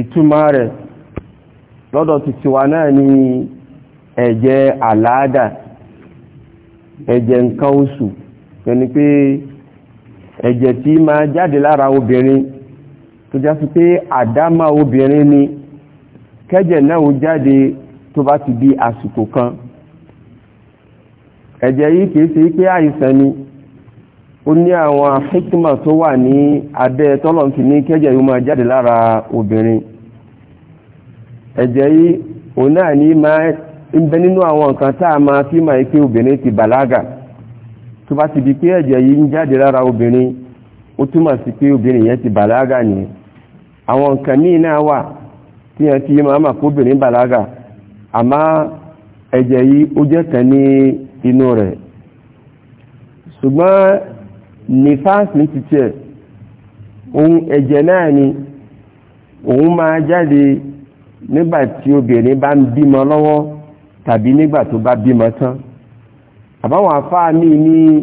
ìtumá rẹ̀ lọ́dọ̀ ti tiwa náà ni ẹ̀jẹ̀ àláádà ẹ̀jẹ̀ nǹkan oṣù ẹni pé ẹ̀jẹ̀ tí máa jáde lára obìnrin tó já pé àdámà obìnrin ni kẹ́jẹ̀ náà ó jáde tó bá ti di àsìkò kan ẹ̀jẹ̀ yìí kìí ṣe pé àìsàn ni ó ní àwọn hikima tó wà ní abẹ́ tọ́lọ̀n fi ní kẹ́jẹ̀ yóò máa jáde lára obìnrin ẹ̀jẹ̀ yìí òun náà ní máa ń bẹ nínú àwọn nǹkan tá a máa fi máa pé obìnrin ti bàlágà tó bá ti di pé ẹ̀jẹ̀ yìí ń jáde lára obìnrin ó túmọ̀ sí pé obìnrin yẹn ti bàlágà nìyẹn àwọn nǹkan míì náà wà tí yẹn ti máa mà kó obìnrin bàlágà àmọ́ ẹ̀jẹ̀ yìí ó jẹ́ kan ní inú rẹ̀ ṣùgbọ́n nífàásì ní títẹ̀ ohun ẹ̀jẹ̀ náà ni òun máa jáde nígbà tí obìnrin bá ń bímọ lọ́wọ́ tàbí nígbà tó bá bímọ tán àbáwọn afáà mi ní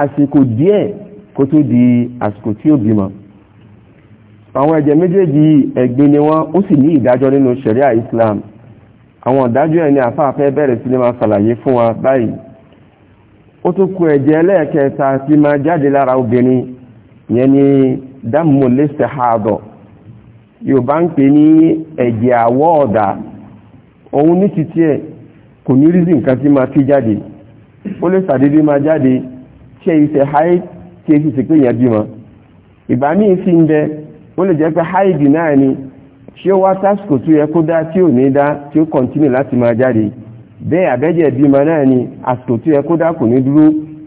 àsìkò díẹ̀ kó tó di àsìkò tí ó bímọ àwọn ẹ̀jẹ̀ méjèèjì ẹ̀gbin ni wọ́n ó sì ní ìdájọ́ nínú ṣẹ̀ríà Islam àwọn ìdájọ́ ẹ̀ ni àfáà fẹ́ bẹ̀rẹ̀ sí ní máa ṣàlàyé fún wa báyìí ó tún kù ẹ̀jẹ̀ ẹlẹ́ẹ̀kẹta tí máa jáde lára obìnrin yẹn ni dáàmú lẹ́sẹ̀ ààbọ̀ yorùbá ń pè ní ẹ̀jẹ̀ àwọ̀ ọ̀dà òun ní títí ẹ̀ kò ní rízì nǹkan tí máa fi jáde ó lè sàdédé máa jáde tí ẹ̀ ìṣẹ̀ háì tí ẹ̀ sì pé yẹn bímọ ìgbà míì sí ń bẹ ó lè jẹ́ pé háìdì náà ni ṣé ó wá tásìkò tó yẹ kó dá tí ò ní dá tí ó kọ̀ntínú láti máa jáde bẹ́ẹ̀ àbẹ́jẹ̀ bímọ náà ni àsìkò tí ẹ kó dákò ní dúró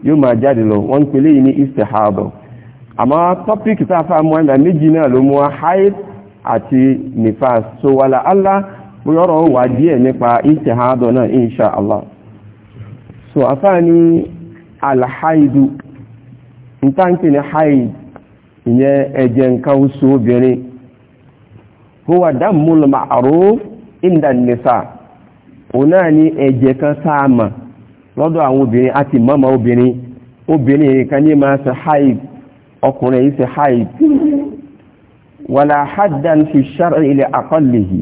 yóò máa jáde lọ wọ́n ń pelé yìí ní istihaba àmọ́ tọ́píkì tá a fà mọ́ méjì náà ló mú wa haid àti nifas so wàlà allá yọ̀rọ̀ wà díẹ̀ nípa istihaba náà insha allah so afá ní alhaidu ntáǹkì ní haid ìyẹn ẹ̀jẹ̀ nǹkan oṣù obìnrin huwa dammul ma'ruf inda nisa òun náà ní ẹ̀jẹ̀ kan sáàmà lọ́dọ̀ àwọn obìnrin àti mọ́mọ́ obìnrin obìnrin kan ní ma ṣe haid ọkùnrin yìí ṣe haid wàlá haddan fi ṣára ilẹ̀ àkọlìhì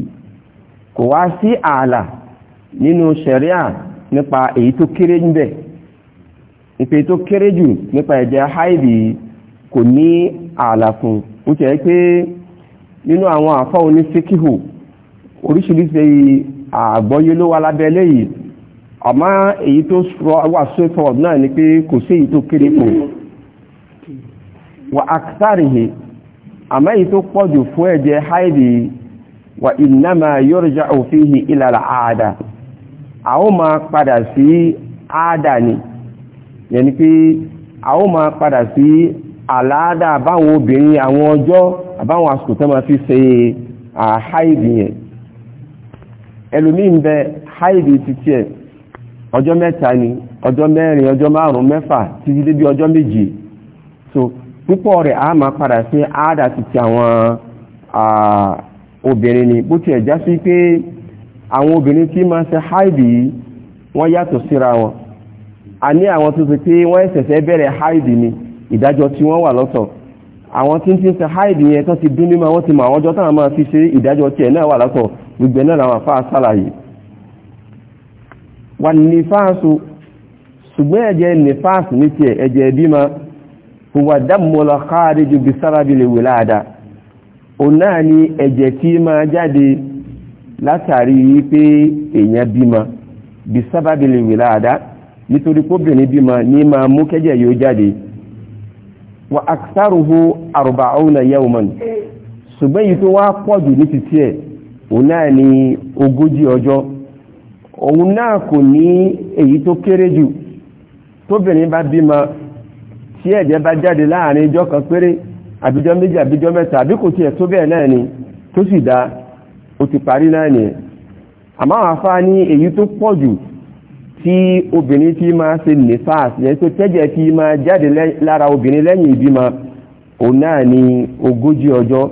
kò wá sí ààlà nínú ṣẹ̀ríà nípa èyí tó kéré níbẹ̀ ìpè tó kéré jù nípa ẹ̀jẹ̀ haid kò ní ààlà fún pé nínú àwọn àfọ́ oríṣiríṣi àgbọ́yé ló wà lábẹ́ lẹ́yìn àmọ́ èyí tó wà sófọ́ náà ni pé kò sí èyí tó kéré kò wà àkítàrìhì àmọ́ èyí tó pọ̀jù fún ẹ̀jẹ̀ haidi wà ìnáma yọ́rọ̀já òfihì ìlàlà àádà a ó máa padà sí àádà ni yẹni pé a ó máa padà sí àláàdà báwọn obìnrin àwọn ọjọ́ àbáwọn àsìkò tó fi yẹn ẹlòmíì ń bẹ háìdì títí ẹ̀ ọjọ́ mẹ́ta ni ọjọ́ mẹ́rin ọjọ́ márùn-ún mẹ́fà títí débi ọjọ́ méje so púpọ̀ rẹ̀ a máa padà sí àádà títí àwọn obìnrin ni bó tiẹ̀ já sí pé àwọn obìnrin tí máa ṣe háìdì yìí wọ́n yàtọ̀ síra wọn a ní àwọn tó ṣe pé wọ́n ṣẹ̀ṣẹ̀ bẹ̀rẹ̀ háìdì ni ìdájọ́ tí wọ́n wà lọ́tọ̀ àwọn tí ń ti ń ṣe háìdì yẹn tó ti dún nímọ̀ wọ́n ti mọ̀ àwọn ọjọ́ táwọn máa fi ṣe ìdájọ́ tiẹ̀ náà wà lọ́tọ̀ gbogbo náà làwọn àfáà sálàyé wà nífàásù ṣùgbọ́n ẹ̀jẹ̀ nífàásù ní tiẹ̀ ẹ̀jẹ̀ bímọ huwa dámọ́lá khariju bí sárábì lè wìláàdá o náà ni ẹ̀jẹ̀ tí máa jáde látàrí wípé èèyàn bímọ bí sárábì lè wìláàdá nítorí póbìnrin bímọ ní máa mú kẹ́jẹ̀ yóò jáde wa aksaruhu arba'una yawman ṣùgbọ́n yìí tó wá pọ̀jù ní títí ẹ̀ òun náà ni ogójì ọjọ́ òun náà kò ní èyí tó kéré jù tóbìnrin bá bímọ tí ẹ̀jẹ̀ bá jáde láàrin ijọ́ kan péré àbíjọ́ méjì àbíjọ́ mẹ́ta àbí kò tiẹ̀ tó bẹ́ẹ̀ náà ni tó sì dá ó ti parí náà nìyẹn àmọ́ àwọn afá ní èyí tó pọ̀ jù tí obìnrin tí máa ṣe nifas yẹn tó tẹ́jẹ̀ tí máa jáde lára obìnrin lẹ́yìn ìbímọ òun náà ni ogójì ọjọ́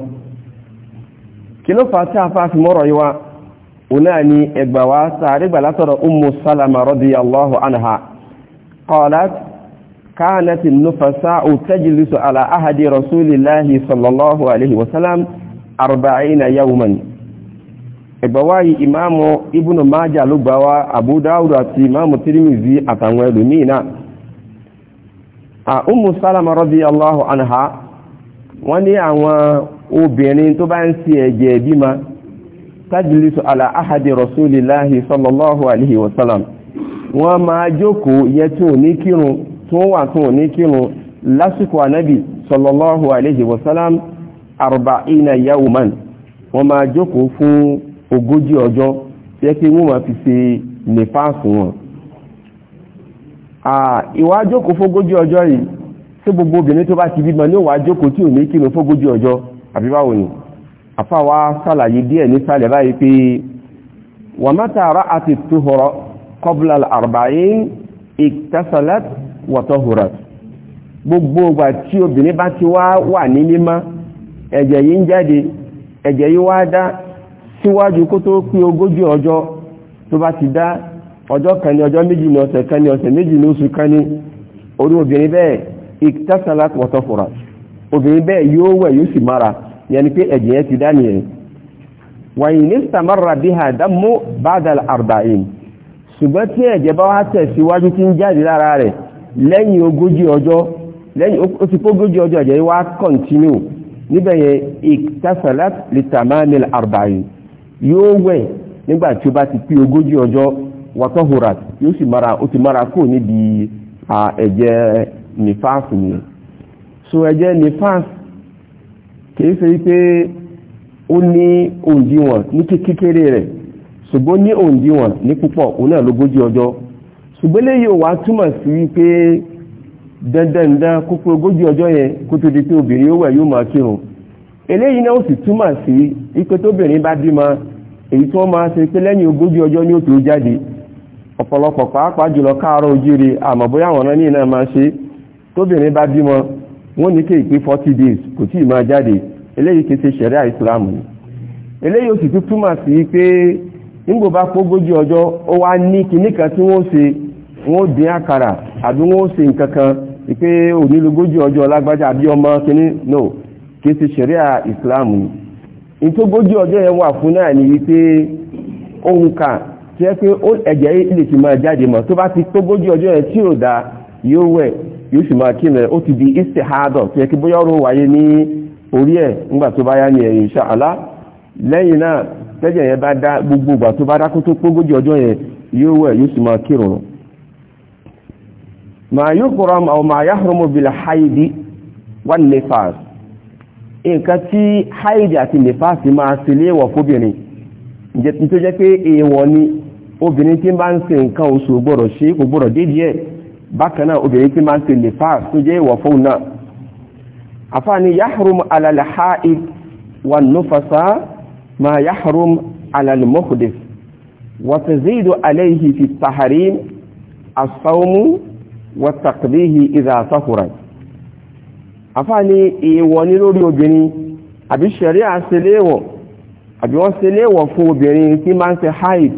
kí ló fà tí a fà fi mọ́rọ̀ yíwá ọ̀nà ni ẹgbà wá sàárẹ́gbà látọ̀rọ̀ ummu salama radiyallahu anha qalat kanat an-nufasa'u tajlisu ala ahadi rasulillahi sallallahu alaihi wasallam arba'ina yawman ẹgbà wá yìí imáàmù ibnu majah ló gbà wá abu dawud àti imáàmù tirimizi àtàwọn ẹlòmíì náà a ummu salama radiyallahu anha wọ́n ní àwọn obìnrin tó bá ń ṣe ẹ̀jẹ̀ ìbímọ tajlisu ala ahadi rasulillahi sallallahu alaihi wasallam wọ́n máa jókòó yẹ tó ní kírun tó wà tó ní kírun lásìkò sallallahu alaihi wasallam arba'ina yawman wọ́n máa jókòó fún ogójì ọjọ́ yẹ kí wọ́n máa fi ṣe nífàásù wọn ìwà jókòó fógójì ọjọ́ yìí tí gbogbo obìnrin tó bá ti bímọ ní jókòó tí ò ní kírun àbí báwo ni àfà wa sàlàyé díẹ̀ nísàlẹ̀ báyìí pé wà mátà rá àti tóhọrọ kọbla àrùbáyín ìtẹ́sàlẹ́t wọ̀tọ́hùrọ̀ gbogbo ìgbà tí obìnrin bá ti wá wà ní mímọ́ ẹ̀jẹ̀ yìí ń jáde ẹ̀jẹ̀ yìí wá dá síwájú kó tó pé ogójì ọjọ́ tó bá ti dá ọjọ́ kan ní ọjọ́ méjì ní ọ̀sẹ̀ kan ní ọ̀sẹ̀ méjì ní oṣù kan ní orí obìnrin bẹ́ẹ̀ ìtẹ́sàlẹ́t wọ̀tọ́hùrọ̀ obìnrin bẹ́ẹ̀ yóò wẹ̀ yóò sì mara yẹni pé ẹ̀jẹ̀ yẹn ti dání ẹ̀ wàyí ní samarra bí ha dámú bádàl arba'in ṣùgbọ́n tí ẹ̀jẹ̀ bá wá tẹ̀síwájú tí ń jáde lára rẹ̀ lẹ́yìn ogójì ọjọ́ lẹ́yìn ó ti pógójì ọjọ́ ẹ̀jẹ̀ wá kọ̀ntínú níbẹ̀ yẹn iktasalat li tamamil arba'in yóò wẹ̀ nígbà tí ó bá ti pé ogójì ọjọ́ wàtọ́hurat yóò sì mara ó ti mara kúrò níbi ẹ̀jẹ̀ nífàásù yẹn so ẹ̀jẹ̀ fans kìí ṣe wípé ó ní òǹdíwọ̀n ní kékeré rẹ̀ ṣùgbọ́n ní òǹdíwọ̀n ní púpọ̀ òun náà lógójì ọjọ́ ṣùgbọ́n léyìí ò wá túmọ̀ sí wípé dandandan kó ogójì ọjọ́ yẹn kó tó di pé obìnrin ó wẹ̀ yóò máa eléyìí náà ó sì túmọ̀ sí tóbìnrin bá bímọ èyí tí wọ́n máa ṣe pé lẹ́yìn ogójì ọjọ́ jáde ọ̀pọ̀lọpọ̀ pàápàá jùlọ káàárọ̀ wọ́n ní kéèké forty days kò tí ì máa jáde eléyìí kìí ṣe ṣẹ̀ríà ìsìlámù ni eléyìí ó sì tún túmọ̀ sí pé nígbò bá pógójì ọjọ́ ó wá ní kinní kan tí wọ́n ṣe wọ́n dín àkàrà àbí wọ́n ṣe nǹkan kan pé ọjọ́ lágbájá àbí ọmọ kinní no kìí ṣe ni ọjọ́ yẹn wà fún náà ni wípé ohun kan pé ẹ̀jẹ̀ lè ti máa jáde mọ́ tó bá ti ọjọ́ yẹn tí ò yóò sì máa kírun ẹ̀ ó ti di istihadọ̀ tó yẹ kí bóyá ọ̀rọ̀ wáyé ní orí ẹ̀ ńgbà tó bá yá ni ẹ̀yìn lẹ́yìn náà tẹ́jẹ̀ gbogbo ìgbà tó bá dá tó pógójì ọjọ́ yẹn yóò wẹ̀ yóò sì máa ma yukram aw ma yahrumu bil haidi wan nifas nǹkan tí haidi àti nifas máa ṣe léèwọ̀ fóbìnrin nítorí jẹ́ pé èèwọ̀ ni obìnrin tí bá ń bákan náà obìnrin tí máa ń ṣe nifas tó jẹ́ ìwọ̀ fóun náà àfáàní yahrum alalhaid wa nufasa ma yahrum alalmuhdif wa tazidu alayhi fi taharim asawmu wa taqdihi idha tahura àfáàní ìwọ̀ ní lórí obìnrin àbí ṣẹ̀rí àṣẹléwọ̀ àbí wọ́n ṣẹléwọ̀ fún obìnrin tí máa ń ṣe haid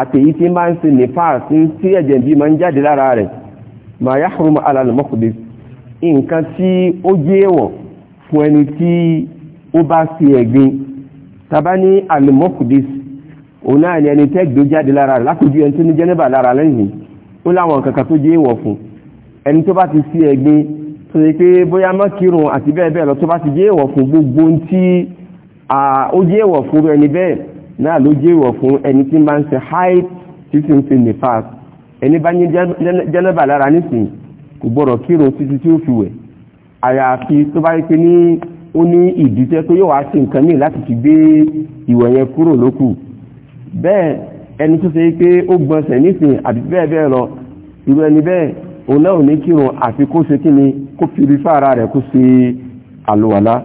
àtèyí tí máa ń ṣe nífàs tí ẹ̀jẹ̀ bí máa ń jáde lára rẹ̀ ma yahrum ala al nǹkan tí ó jẹ́ fún ẹni tí ó bá ṣe ẹ̀gbin tàbá ní al òun náà ni ẹni tẹ́gbẹ́ jáde lára rẹ̀ lákòójú ẹni tó ní jẹ́nẹ́bà lára lẹ́yìn ó láwọn kankan tó jẹ́ èèwọ̀ fún ẹni tó bá ti ṣe ẹ̀gbin tó ṣe pé bóyá mọ́kìrùn àti bẹ́ẹ̀ bẹ́ẹ̀ lọ tó bá ti jẹ́ fún gbogbo ohun tí ó jẹ́ fún ẹni bẹ́ẹ̀ náà ló jẹ́wọ̀ fún ẹni tí máa ń ṣe haid títí ń ṣe nifas ẹni bá ní jẹ́nẹ́bà lára nísìn kò gbọ́dọ̀ kírun títí tí ó fi wẹ̀ àyàfi tó bá pé ní ó ní ìdí tẹ́ pé yóò wá sí nǹkan míì láti fi gbé ìwẹ̀ yẹn kúrò lókù bẹ́ẹ̀ ẹni tó ṣe pé ó gbọ̀nsẹ̀ nísìn àbí bẹ́ẹ̀ bẹ́ẹ̀ lọ irú ẹni bẹ́ẹ̀ òun náà ò ní kírun àfi kó ṣe kí ni kó fi rí fára rẹ̀ kó ṣe àlùwàlá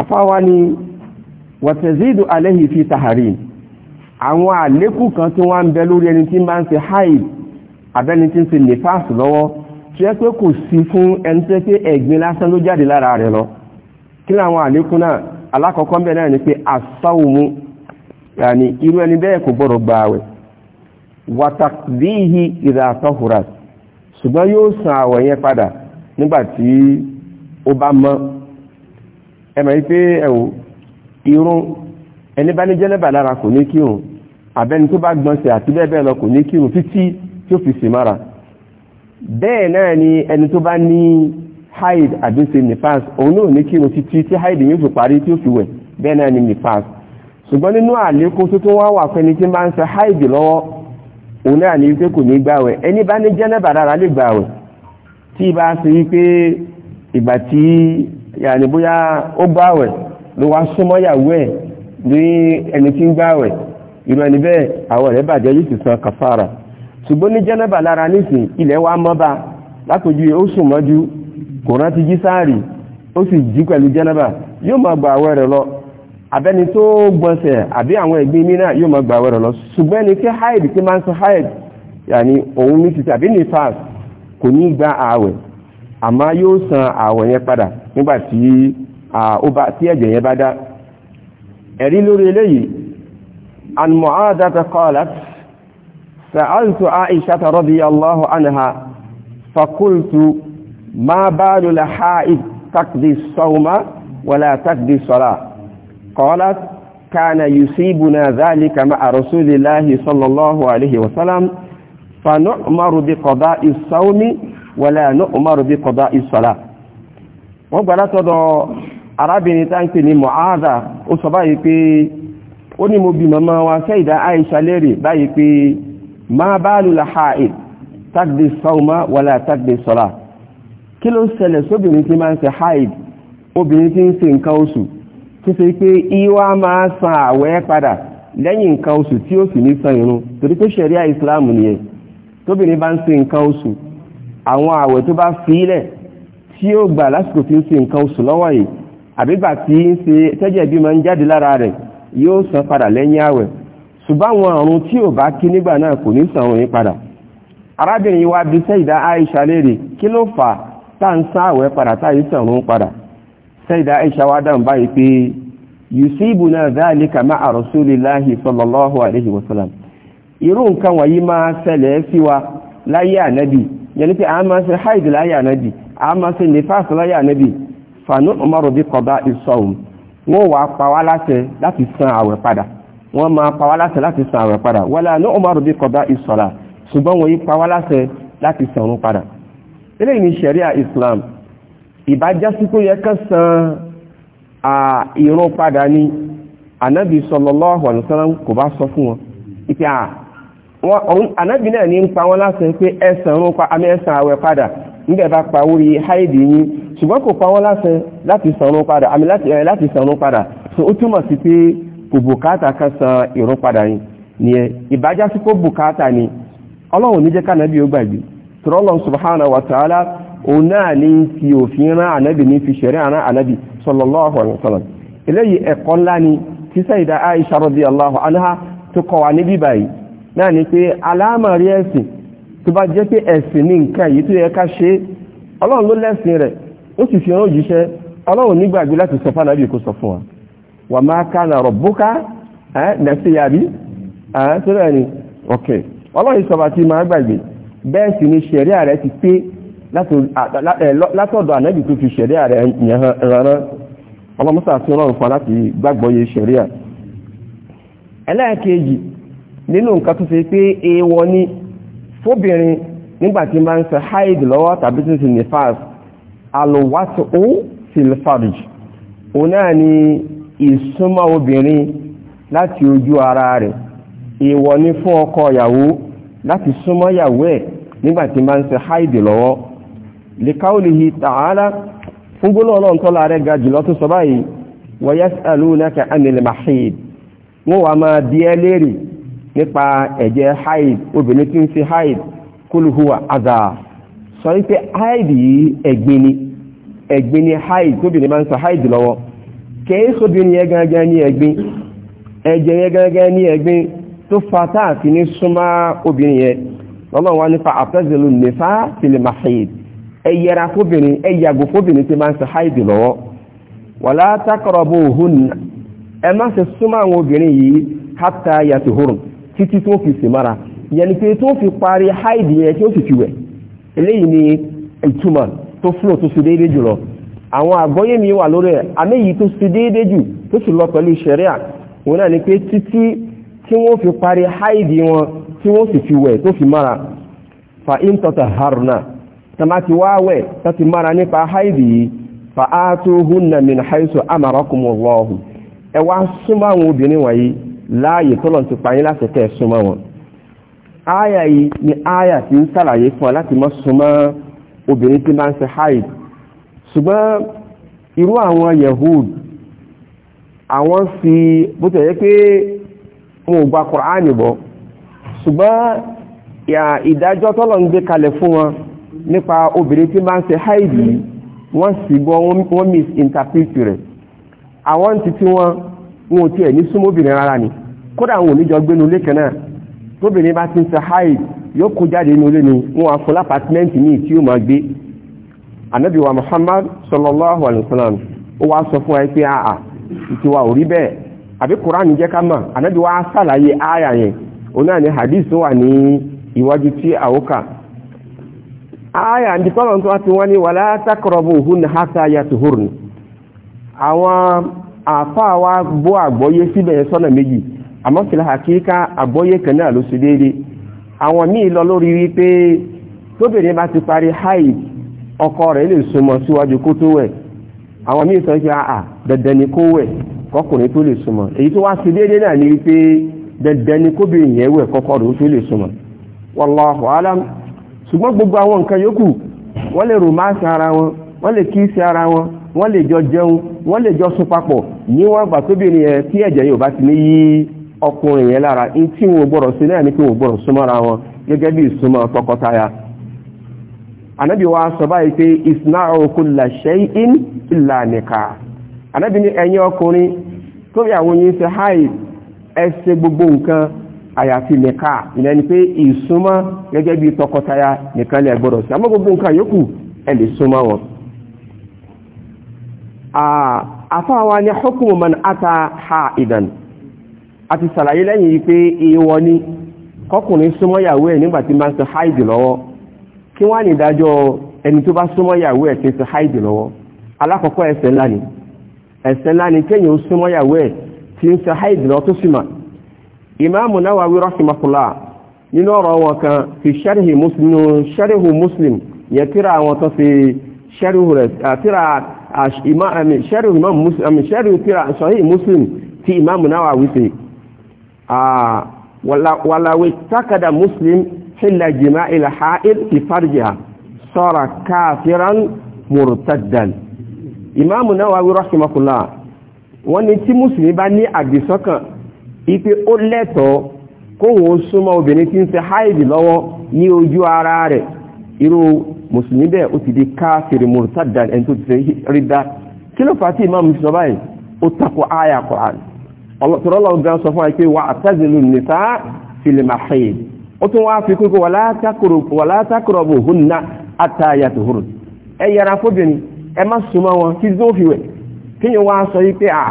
àfáwa ni wọ̀tẹ̀zídù aléhì fi tàhàrí àwọn àlékù kan tí wọ́n ń bẹ lórí ẹni tí bá ń ṣe haid abẹ́ni tí ń ṣe nefas lọ́wọ́ tí ẹ pé kò sí fún ẹni tí pé ẹ̀gbin lásán ló jáde lára rẹ̀ lọ kí làwọn àlékù náà alákọ̀ọ́kọ́ ń náà ni pé asáwùmú yàní irú ẹni bẹ́ẹ̀ kò gbọ́dọ̀ gba àwẹ̀ wàtàkìdíhì ìdàtọ̀hùrà ṣùgbọ́n yóò san àwẹ̀ yẹn padà nígbà tí ó bá mọ́ ẹ mọ̀ wípé ẹ̀wò irun ẹni bá ní jẹ́nẹ́bà lára kò ní kírun àbẹ́ni tó bá gbọ̀nsẹ̀ àti bẹ́ẹ̀ bẹ́ẹ̀ lọ kò ní kírun títí tí ó fi sì mára bẹ́ẹ̀ náà ni ẹni tó bá ní haid àbíṣe nifas òun náà ní kírun títí tí haid yóò fi parí tí ó fi wẹ̀ bẹ́ẹ̀ náà ni nifas ṣùgbọ́n nínú àlékún tó tún wá wà fẹ́ni tí máa ń sọ haid lọ́wọ́ òun náà ní wípé kò ní gbàwẹ̀ ẹni bá ní jẹ́nẹ́bà lára lè gbàwẹ̀ tí ì bá ṣe wípé ìgbà tí yàní bóyá ó gbàwẹ̀ ló wá súnmọ́ yàwó ẹ̀ ní ẹni tí ń gbààwẹ̀ irú ẹni bẹ́ẹ̀ àwọn ẹ̀rẹ́ bàjẹ́ yìí sì san kàfàrà ṣùgbọ́n ní jẹ́nẹ́bà lára nísìn ilẹ̀ wa mọ́ bá lápòjú ó sùn mọ́jú kò rántí jí sáàrì ó sì jí pẹ̀lú jẹ́nẹ́bà yóò máa gba àwẹ̀ rẹ̀ lọ abẹ́ni tó gbọ̀nsẹ̀ àbí àwọn ẹ̀gbin mi náà yóò máa gba àwẹ̀ rẹ̀ lọ ṣùgbọ́n ẹni tí haid ti máa ń sọ haid yàní òun ní títí àbí ní fas kò ní gba àwẹ̀ àmọ́ yóò san àwẹ̀ yẹn padà nígbà tí tí ẹ̀jẹ̀ yẹn bá dá ẹ̀rí lórí eléyìí an mu'adata qalat sa'altu aisha radiyallahu anha fakultu ma balu la ha'id taqdi sawma wala taqdi salat qalat kana yusibuna dhalika ma'a rasulillahi sallallahu alayhi wa sallam fa nu'maru bi qada'i as-sawmi wala nu'maru bi qada'i as-salat wa gbalatodo arábìnrin tá ni pè ní Mu'adha ó sọ báyìí pé ó ní mo bí màmá wa Sayyida Aisha lérè báyìí pé ma balu la ha'id tagdi sawma wala tagdi sọ́lá kí ló ṣẹlẹ̀ sóbìnrin tí máa ń ṣe ha'id obìnrin tí ń ṣe nǹkan oṣù tó ṣe pé ìwà máa san àwẹ̀ padà lẹ́yìn nǹkan oṣù tí ó sì ní san irun torí pé ṣẹ̀ríà Islam nìyẹn tóbìnrin bá gbà lásìkò tí ń ṣe nǹkan oṣù lọ́wọ́ yìí àbígbà tí ń ṣe tẹ́jẹ̀ bí máa ń jáde lára rẹ̀ yóò san padà lẹ́yìn àwẹ̀ ṣùgbọ́n àwọn àrùn tí ò bá kí nígbà náà kò ní san òun padà arábìnrin yìí wá bi sẹ́yìdá Aisha léèrè kí ló fà tá ń san àwẹ̀ padà tá yìí san òun padà sẹ́yìdá Aisha wá dáhùn báyìí pé yusibuna dhalika ma'a rasulillahi sallallahu alaihi wasallam irú nǹkan wọ̀nyí máa ṣẹlẹ̀ sí wa láyé ànábì yẹni pé a máa haid láyé ànábì a máa ṣe láyé ànábì fàánù ọmọrò bí kọba ìsọ̀hùn wọ́n wà pa wá láṣẹ láti san àwẹ̀ padà wọ́n máa pa wá láṣẹ láti san àwẹ̀ padà wọ́n láàánú ọmọrò bí kọba ìsọ̀là ṣùgbọ́n wọ́n yí pa wá láṣẹ láti san òun padà eléyìí ni ṣẹ̀ríà Islam ìbájásí tó yẹ kán san ìrun padà ni ànábì sallallahu alaihi wasallam kò bá sọ fún wọn ìpè ànábì náà ní ń pa wọn láṣẹ pé níbẹ̀ bá pa orí haidi yín ṣùgbọ́n kò pa wọ́n lásán láti sanrun padà àmì láti eh, sanrun padà so ó túmọ̀ sí pé kò bùkátà kan san ìrun padà yín ni ẹ ìbájá sí kó bùkátà ni ọlọ́run ní jẹ́ kánàbí ó gbàgbé tọ́lọ́run subhanahu wa ta'ala òun náà ní fi òfin rán ànábì ní fi ṣẹ̀rẹ́ àrán ànábì sallallahu alaihi wasallam eléyìí ẹ̀kọ́ ńlá ni tí Sayyida Aisha radiyallahu anha tó kọ́ wa níbí báyìí náà tó bá jẹ́ pé ẹ̀sìn ní nǹkan èyí tó yẹ ká ṣe ọlọ́run ló lẹ́sìn rẹ̀ ó sì fi rán òjíṣẹ́ ọlọ́run nígbàgbé láti sọ fún kó sọ fún wa wà máa ká ni ọ̀kẹ́ ọlọ́run sọ̀bà tí máa gbàgbé bẹ́ẹ̀ ni ṣẹ̀rí ààrẹ ti pé látọ̀dọ̀ ànábì tó fi ṣẹ̀rí ààrẹ yẹn rárá ọlọ́run fóbìnrin nígbàtí máa ń ṣe haid lọ́wọ́ tàbí tí sí nifas alowatu o silfarj o náà ni ìsúnmọ́ obìnrin láti ojú ara rẹ̀ ìwọ̀ ni fún ọkọ ìyàwó láti súnmọ́ ìyàwó ẹ̀ nígbàtí máa ń ṣe haid lọ́wọ́ likaulihi ta'ala fún gbólọ́ ọlọ́run tọ́lá rẹ̀ ga jùlọ tó sọ báyìí wa yas'alunaka nípa ẹ̀jẹ̀ haid obìnrin tí ń ṣe haid kúlùhùwà àzà sọ wípé haid yìí ẹ̀gbin ni ẹ̀gbin ni haid tóbìnrin máa ń sọ haid lọ́wọ́ kẹ́ẹ́sọ́bìnrin yẹn gangan ní ẹ̀gbin ẹ̀jẹ̀ yẹn gangan ní ẹ̀gbin tó fa táàfi ní súnmá obìnrin yẹn lọ́lọ́run wá nípa àtẹ́sẹ̀lú nìfà sílẹ̀ mahid ẹ̀yẹra fóbìnrin ẹ̀yàgò fóbìnrin tí máa ń sọ haid lọ́wọ́ wàlá tákọ̀rọ̀ bó hùn ẹ má ṣe súnmá àwọn obìnrin yìí hátà yàtò hùrùn títí tó fi sì mara ìyẹn ni pé tó fi parí háìdì yẹn tí ó sì fi wẹ̀ eléyìí ni ìtumọ̀ tó fúlò tó ṣe déédéé jùlọ àwọn àgbọ́yé mi wà lórí ẹ̀ àméyí tó ṣe déédéé jù tó sì lọ pẹ̀lú ṣẹ̀ríà òun náà ni pé títí tí wọ́n fi parí háìdì wọn tí wọ́n sì fi wẹ̀ tó fi mara fa intata haruna tàmá ti wá wẹ̀ tó ti mara nípa háìdì yìí fa atuhunna min haisu amarakumullahu ẹ wá súnmọ́ àwọn obìnrin wọ̀nyí láàyè tọ́lọ̀ ti pa yín láti tẹ́ súnmọ́ wọn áyà yìí ni áyà ti ń sàlàyé fún wa láti mọ́ súnmọ́ obìnrin tí máa ń ṣe haid ṣùgbọ́n irú àwọn yahood àwọn fi bó tẹ̀ yẹ pé wọn ò gba Kùránì bọ̀ ṣùgbọ́n ìdájọ́ tọ́lọ̀ ń gbé kalẹ̀ fún wọn nípa obìnrin tí máa ń ṣe haid yìí wọ́n sì gbọ́ wọ́n misinterpret rẹ̀ àwọn títí wọn wọn ò tiẹ̀ ní súnmọ́ obìnrin rárá ni kódà àwọn oníjọ gbénu ilé kan náà tóbìnrin bá ti ń sọ háì yóò kó jáde inú ilé ni wọn á fún lápàtímẹ́ǹtì míì tí yóò máa gbé ànábì wa Muhammad sallallahu alayhi wa sallam ó wá sọ fún wa àà ìtiwa ò rí bẹ́ẹ̀ àbí Quran jẹ́ ká mọ̀ ànábì wa sàlàyé àyà yẹn òun náà ni hadith wà ní iwájú tí àwòkà àyà ní tọ́lọ̀ tó wá ti wọ́n ní wala taqrabuhunna hatta yatuhurna àwọn àfa wa gbọ́ àgbọ́yé síbẹ̀ sọ́nà méjì àmọ́ fìlà àkíká àgbọ́yé kan náà ló ṣe déédé àwọn míì lọ lórí wípé tóbìnrin bá ti parí haid ọkọ rẹ̀ lè súnmọ́ síwájú kó tó wẹ̀ àwọn míì sọ pé àà dandan ni kó wẹ̀ kọkùnrin tó lè súnmọ́ èyí tó wá ṣe déédé náà ni wípé dandan ni kóbìnrin yẹn wẹ̀ kọ́kọ́ rẹ̀ tó lè súnmọ́ wallahu alam ṣùgbọ́n gbogbo àwọn nǹkan yòókù wọ́n lè rùmáàsì ara wọn wọ́n lè kíìsì ara wọn wọ́n lè jọ jẹun wọ́n lè jọ sùn papọ̀ níwọ̀n àgbà tóbìnrin yẹn tí ẹ̀jẹ̀ yóò bá ti ní yí ọkùnrin yẹn lára in tí wọn gbọ́rọ̀ sí náà ní pé wọn gbọ́rọ̀ súnmọ́ra wọn gẹ́gẹ́ bí ìsúnmọ́ tọkọtaya anábì wa sọ báyìí pé isna'u kulla shay'in illa nikah anábì ní ẹ̀yin ọkùnrin tó yà wọ́n yín ṣe háì ẹsẹ̀ gbogbo nǹkan àyàfi nikah ìyẹn ni pé ìsúnmọ́ gẹ́gẹ́ bí tọkọtaya nìkan lè gbọ́rọ̀ sí àmọ́ gbogbo nǹkan yòókù ẹ lè súnmọ́ wọn àfáwa ni hukmu man ata ha'idan a ti sàlàyé lẹ́yìn yìí pé èèwọ̀ ni kọkùnrin súnmọ́ yàwó ẹ̀ nígbà tí máa ń sọ háìdì lọ́wọ́ kí wọ́n á ní ìdájọ́ ẹni tó bá súnmọ́ yàwó ẹ̀ tí ń sọ háìdì lọ́wọ́ alákọ̀ọ́kọ́ ẹ̀ṣẹ̀ ńlá ni ẹ̀ṣẹ̀ ńlá ni kéèyàn súnmọ́ yàwó ẹ̀ tí ń sọ háìdì lọ́wọ́ tó sì mà ìmáàmù Nawawi rahimahullah nínú ọ̀rọ̀ wọn kan fi sharhi muslim sharhu muslim yẹn tíra àwọn tó Ah, walawe takada muslim hila jima ila ha'id ifarjiha sọ́ra káàfiran murtaddan imamu Nawawi rahimahullah wọ́n ní tí musulmi bá ní àgbìsọ́kàn ipe ó lẹ́tọ̀ọ́ kóhùn ó súnmọ́ obìnrin tí ń ṣe haidi lọ́wọ́ ní ojú ara rẹ̀ irú musulmi bẹ́ẹ̀ ó ti di káàfir murtaddan ẹni tó ti ṣe rídá kí ló fà á tí imamu sọ báyìí ó takò áyà Qur'an ọlọ́tọ̀rọ̀lọ́ gan sọ fún àìpé wà àtẹ́zìlú nìta fìlìmà fẹ́yìn ó tún wá fi kókó wà látàkùrọ̀bù húnna àtàyàtò hùrù ẹ yẹra fóbìnrin ẹ má súnmọ́ wọn kí tó fi wẹ̀ kí ni wá sọ yìí pé à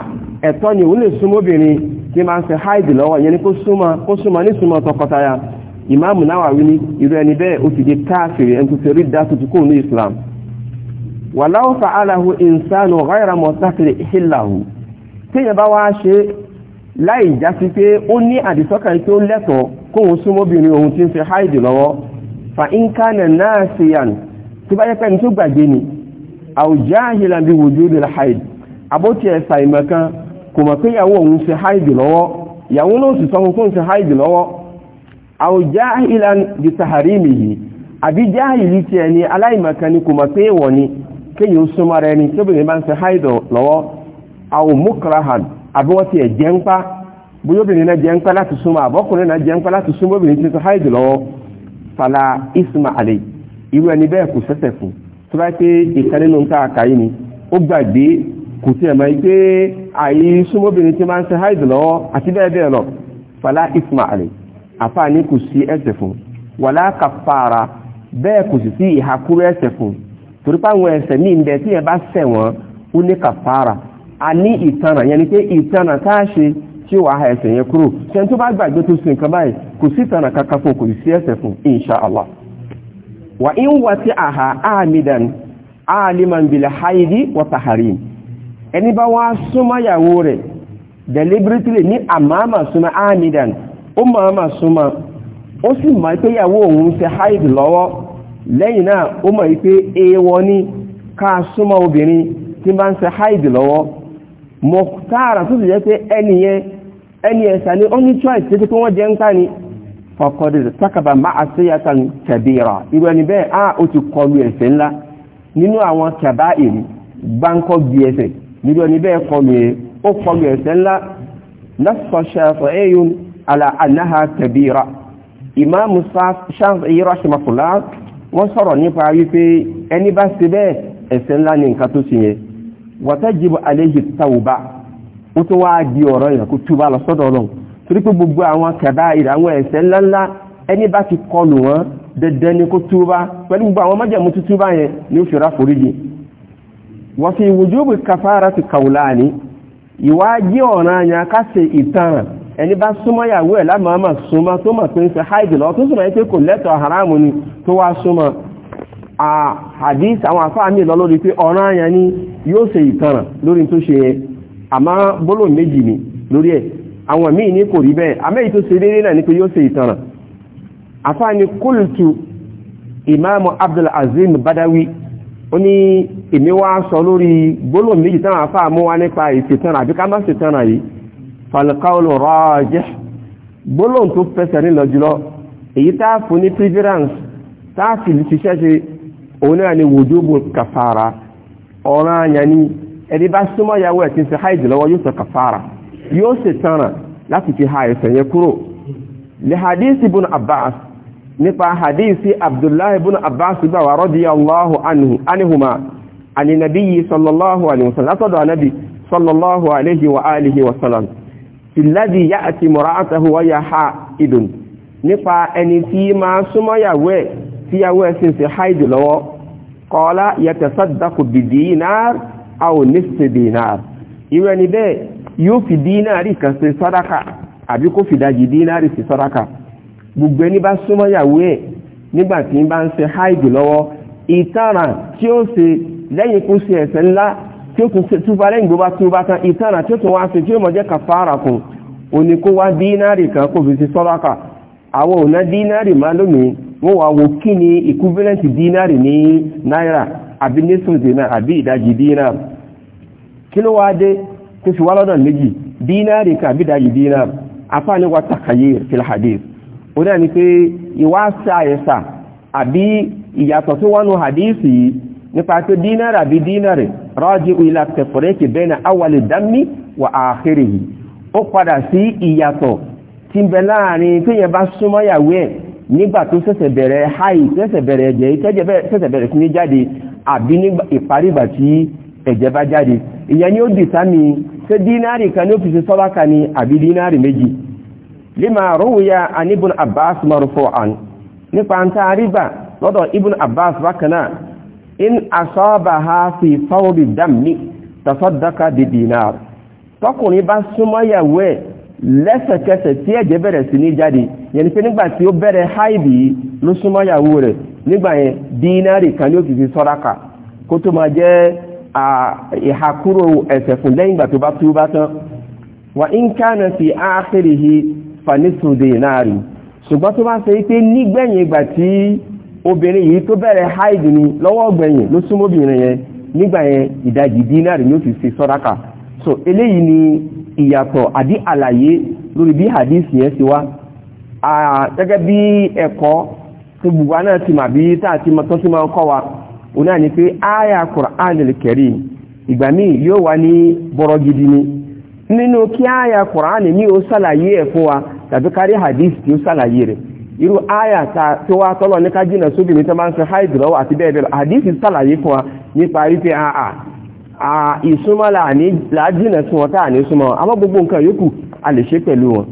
ẹ̀tọ́ ni ó lè súnmọ́ obìnrin tí máa ń ṣe háìdì lọ́wọ́ yẹn ni kó súnmọ́ ní súnmọ́ tọkọtaya ìmáàmù Nawawi ní irú ẹni bẹ́ẹ̀ ó ti di káàfìrí ẹni tó ti rí dá tuntun kúrò ní Islam wàláwọ́ fa aláhu ìnsánù ọ̀gáyàrá mọ̀táfìrí ìhìláhù tí yẹn bá wá ṣe láì já sí pé ó ní àdìsọ́kàn tó lẹ́tọ̀ọ́ kóhun súnmọ́bìnrin ohun tí ń fi háìdì lọ́wọ́ fa inkana náà sí yàn tó bá yẹ́pẹ́ ní tó gbàgbé ni àwùjá àhìlàbí wujudi háìdì àbótí ẹ̀sà ìmọ̀kan kò mọ̀ pé ìyàwó òun fi haidi lọ́wọ́ ìyàwó náà sì sọ fún fún fi háìdì lọ́wọ́ àwùjá àhìlàbí taharimi yìí àbí jáhìlì tí ẹni aláìmọ̀kan ni kò mọ̀ pé ìwọ̀ ni kéyìí àbí wọ́n ti ẹ̀ jẹ́ ń na bóyá obìnrin náà jẹ́ ń láti súnmọ́ àbọ́kùnrin náà jẹ́ ń láti súnmọ́ obìnrin lọ́wọ́ fala isma alẹ́ irú ẹni bẹ́ẹ̀ kò sẹ́sẹ̀ fún tó bá pé ń àkàyè ni ó gbàgbé kò tiẹ̀ pé àyè súnmọ́ obìnrin ti máa ń fala àfààní kò sí fún wàlá kàfàrà bẹ́ẹ̀ kò sì sí ìhàkúrú fún torípàwọn a ní ìtanràn yẹn ni pé ìtanràn tá a ṣe tí wàá ha ẹ̀ṣẹ̀ yẹn kúrò ṣẹ́ni tó bá gbàgbé tó sin nǹkan báyìí kò sí ìtanràn kankan fún kò sí ẹ̀ṣẹ̀ fún insha allah wà ń wá sí àhà àmìdàn aliman haidi wa taharim ẹni bá wá súnmọ́ rẹ̀ deliberately ní àmàmà súnmọ́ amidan ó màmà súnmọ́ ó sì mọ̀ pé yàwó òun ṣe haid lọ́wọ́ lẹ́yìn náà ó mọ̀ pé èèwọ̀ ni ká súnmọ́ obìnrin tí bá ń ṣe haid lọ́wọ́ mọ̀tàrà tó sì jẹ́ pé ẹni yẹn ẹni ẹ̀sà ni ó ní choice títí pé wọ́n jẹ́ ń ká ni fọkọdé takaba má a ṣe yàtọ̀ kẹbìrà irú ẹni bẹ́ẹ̀ á ó ti kọlu ẹ̀ṣẹ̀ ńlá nínú àwọn kẹbà èrè gbáǹkọ́ bí ẹ̀ṣẹ̀ nínú ẹni bẹ́ẹ̀ kọlu ẹ̀ ó kọlu ẹ̀ṣẹ̀ ńlá nasọ̀ ṣẹ̀fọ̀ ẹ̀yùn àlà ànáhà kẹbìrà ìmáàmù Ṣáfi'í rahimahullah wọ́n sọ̀rọ̀ nípa wípé ẹni bá ṣe bẹ́ẹ̀ ẹ̀ṣẹ̀ ńlá ni nǹkan tó ṣe yẹn wàtàjìbò àlejò tàwùbá ó tó wáá di ọ̀rọ̀ yẹn kó túbà lọ sọ́dọ̀ ọlọ́run torí pé gbogbo àwọn kẹ̀dá ìrà àwọn ẹ̀ṣẹ̀ ńláńlá ẹni bá ti kọlù wọn dandan ni kó túbà pẹ̀lú gbogbo àwọn májẹ̀mú tó túbà yẹn ni ó fìrà foríjì wọ́n fi wujubu kàfàrà ti kàwùlá ni ìwájí ọ̀ràn àyàn ká ṣe ìtàn ẹni bá súnmọ́ yàwó ẹ̀ lámàá mà súnmọ́ tó mà pé ń ṣe háìdì lọ tó súnmọ́ yẹn pé kò lẹ́tọ̀ọ́ haramu ni tó wá súnmọ́ àdíṣ àwọn àfáà mi lọ lórí pé ọ̀ràn àyàn ni yóò ṣe ìtanràn lórí tó ṣe yẹn àmọ́ gbólóhùn méjì ni lórí ẹ̀ àwọn míì ní kò rí bẹ́ẹ̀ amẹ́yì tó ṣe déédéé náà ni pé yóò ṣe ìtanràn àfáà ni kóòtù ìmáàmù Abdul Azim Badawi ó ní èmi wá sọ lórí gbólóhùn méjì táwọn àfáà mú wá nípa ìṣètanràn àbí ká má ṣètanràn yìí falqawlu rajih gbólóhùn tó fẹsẹ̀ nílọ jùlọ èyí tá fún ní preference tá sì ṣiṣẹ́ ṣe òun náà ni wòjúbò kàfàrà ọ̀ràn àyàn ni ẹni bá súnmọ́ ìyàwó ẹ̀ tí ń ṣe haid lọ́wọ́ yóò sọ kàfàrà yóò sì tanràn láti fi ha ẹ̀ṣẹ̀ yẹn kúrò lè hadith ibn abbas nípa hadith abdullahi ibn abbas gbà wà radiyallahu anihuma àni nabiyyi sallallahu alaihi wasallam látọ̀dọ̀ anabi sallallahu alaihi wa alihi wasallam ìlàdí ya'ti mura'atahu wa ya ha idun nípa ẹni tí máa súnmọ́ ìyàwó ẹ̀ tíyàwó ẹ̀sìn sí haidu lọ́wọ́ kọ́ọ́lá yatasaddaqu bi dinar aw nisfi dinar irú ẹni bẹ́ẹ̀ yóò fi dínárì kan sí sàdákà àbí kó fi dájì dínárì sí sàdákà gbogbo ẹni bá súnmọ́ yàwó ẹ̀ nígbà tí ń bá ń ṣe haidu lọ́wọ́ ìtara tí ó ṣe lẹ́yìn kó ṣe ẹ̀ṣẹ̀ ńlá tí ó tún ṣe túbá lẹ́yìn gbogbo tí ó bá tán ìtara tí ó tún wá ṣe tí ó mọ̀ jẹ́ kàfàrà kùn òní kó wá dínárì kan kó fi ṣe sàdákà àwọn ò ná dínárì má lónìí wọ́n wá wo kí ni equivalent dínárì ní náírà àbí nísùn dínà àbí ìdajì dínárì kí ló wá dé tó fi wá lọ́dọ̀ méjì dínárì kan àbí ìdajì dínárì afá ni wá takaye fil hadith ó dà ní pé ìwá sa ẹ̀sà àbí ìyàtọ̀ tó wọ́nú hadith yìí nípa pé dínárì àbí dínárì rọ́jí ìlà tẹ̀fọ̀rẹ́kì bẹ́ẹ̀ na awàlì dámí wà áhírì yìí ó padà sí ìyàtọ̀ tí ń bẹ láàrin téèyàn bá súnmọ́ ìyàwó ẹ̀ nígbà tó ṣẹ̀ṣẹ̀ bẹ̀rẹ̀ háì ṣẹ̀ṣẹ̀ bẹ̀rẹ̀ ẹ̀jẹ̀ tẹ́jẹ̀ ṣẹ̀ṣẹ̀ bẹ̀rẹ̀ sí ní jáde àbí ní ìparí ìgbà tí ẹ̀jẹ̀ bá jáde ìyẹn ni ó dìtámì ṣé dínárì kan ní ó fi ṣe ni àbí dínárì méjì lima rúwìyà an ibn abbas marfu'an nípa ń ta rígbà lọ́dọ̀ ibn abbas bákaná in asabaha fi fawri dammi tasaddaqa bi dinar tọkùnrin bá súnmọ́ ìyàwó lẹ́sẹ̀kẹsẹ̀ tí ẹ̀jẹ̀ bẹ̀rẹ̀ sí ní jáde yẹn ni pé nígbà tí ó bẹ̀rẹ̀ háìdì ló súnmọ́ ìyàwó rẹ̀ nígbà yẹn dínárì kan ní òkìkí sọ́ráka kó tó máa jẹ́ ìhàkúrò ẹ̀ṣẹ̀ fún lẹ́yìn ìgbà tó bá tú bá tán wà ń kánà sí ákìrìhì fanisu dínárì ni lọ́wọ́ gbẹ̀yìn ló súnmọ́ obìnrin yẹn nígbà yẹn ìdajì dínárì so eléyìí ni ìyàtọ̀ àbí àlàyé lórí bí hadith yẹn ti wá gẹ́gẹ́ bí ẹ̀kọ́ tí gbogbo náà ti mà bí tá àti mọ́tọ́ sí máa ń kọ́ wa òun náà ni pé aya Qur'anul Karim ìgbà míì yóò wá ní bọ́rọ̀ gidi ni nínú kí aya Qur'an ní ó ṣàlàyé ẹ̀ fún wa tàbí kárí hadith tí ó ṣàlàyé rẹ̀ irú aya tí wá tọ́lọ̀ ní ká jìnà sóbìnrin tó máa ń sọ haid lọ́wọ́ àti bẹ́ẹ̀ bẹ́ẹ̀ hadith ṣàlàyé fún wa nípa wípé àà ìsúnmọ́ làájìnà sí wọn táà ní súnmọ́ àmọ́ gbogbo nǹkan yòókù a lè ṣe pẹ̀lú wọn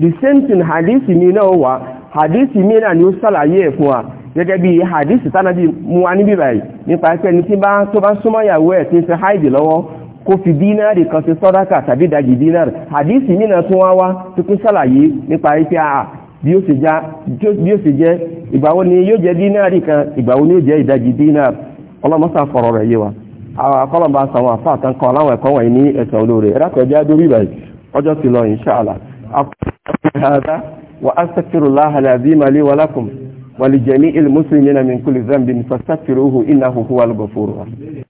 the same thing hadith mi náà wà hadith mi náà ni ó sàlàyé ẹ̀ fún wa gẹ́gẹ́ bí hadith tánàbí mú wa níbí báyìí nípa ẹgbẹ́ ni tó bá súnmọ́ ìyàwó ẹ̀ tí ń ṣe háìdì lọ́wọ́ kó fi dínárì kan ṣe sọ́dáka tàbí ìdajì dínárì hadith mi náà tún wá wá tó tún sàlàyé nípa ẹgbẹ́ àà bí ó ṣe jẹ́ ìgbàwo ni yóò jẹ́ dínárì kan ìgbàwo ni yóò jẹ́ ìdajì dínárì ọlọ́mọ́sà fọ̀rọ̀ rẹ̀ yé àwọn akọ́lọ̀mbà sanwó àfá àtànkọ́ aláwọ̀ ẹ̀kọ́ wọ̀nyí ní ẹ̀sẹ̀ olóore ẹ̀rákọ̀ọ́jẹ́ adórí ìbàyí ọjọ́ ti lọ ìṣàlá وأستغفرullah العظيم لي ولكم ولجميع المسلمين من كل ذنب فاستغفروه إنه